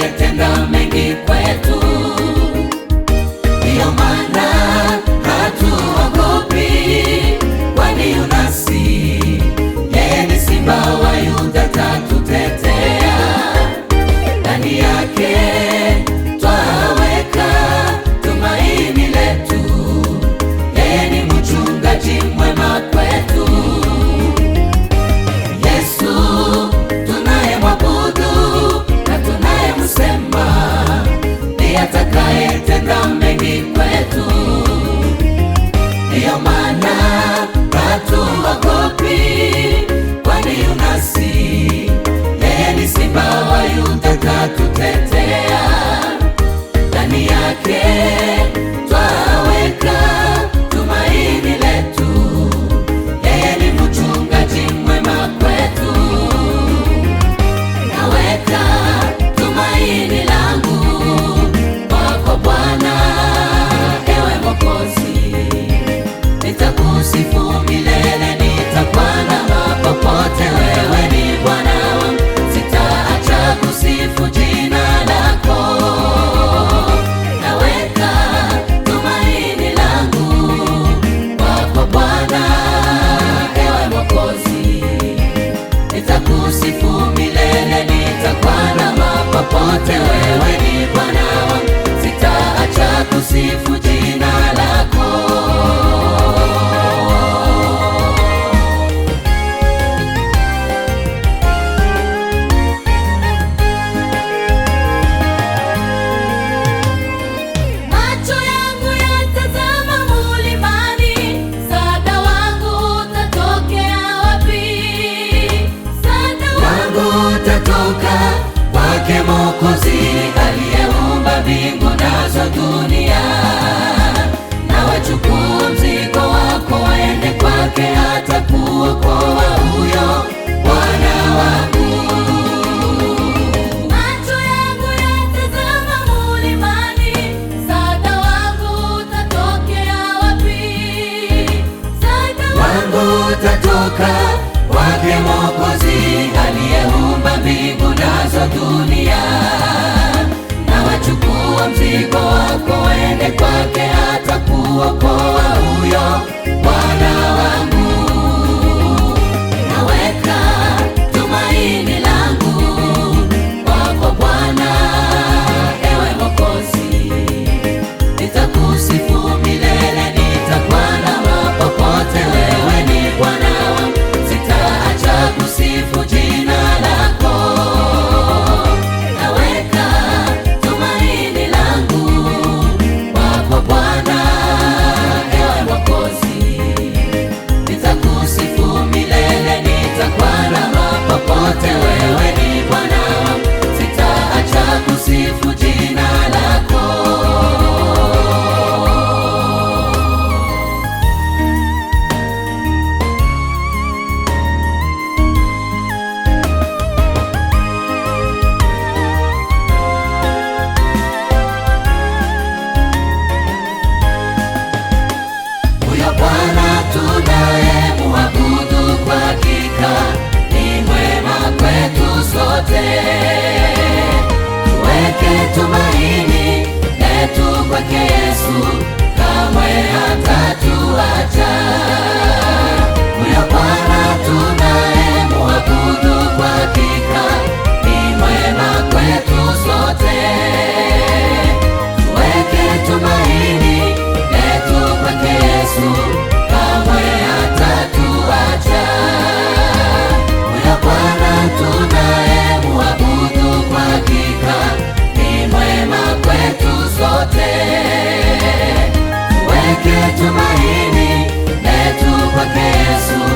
quiet watatoka wake Mwokozi aliyeumba mbingu nazo dunia, na wachukua mzigo wako waende kwake. ni mwema kwetu sote, weke tumaini letu kwake Yesu.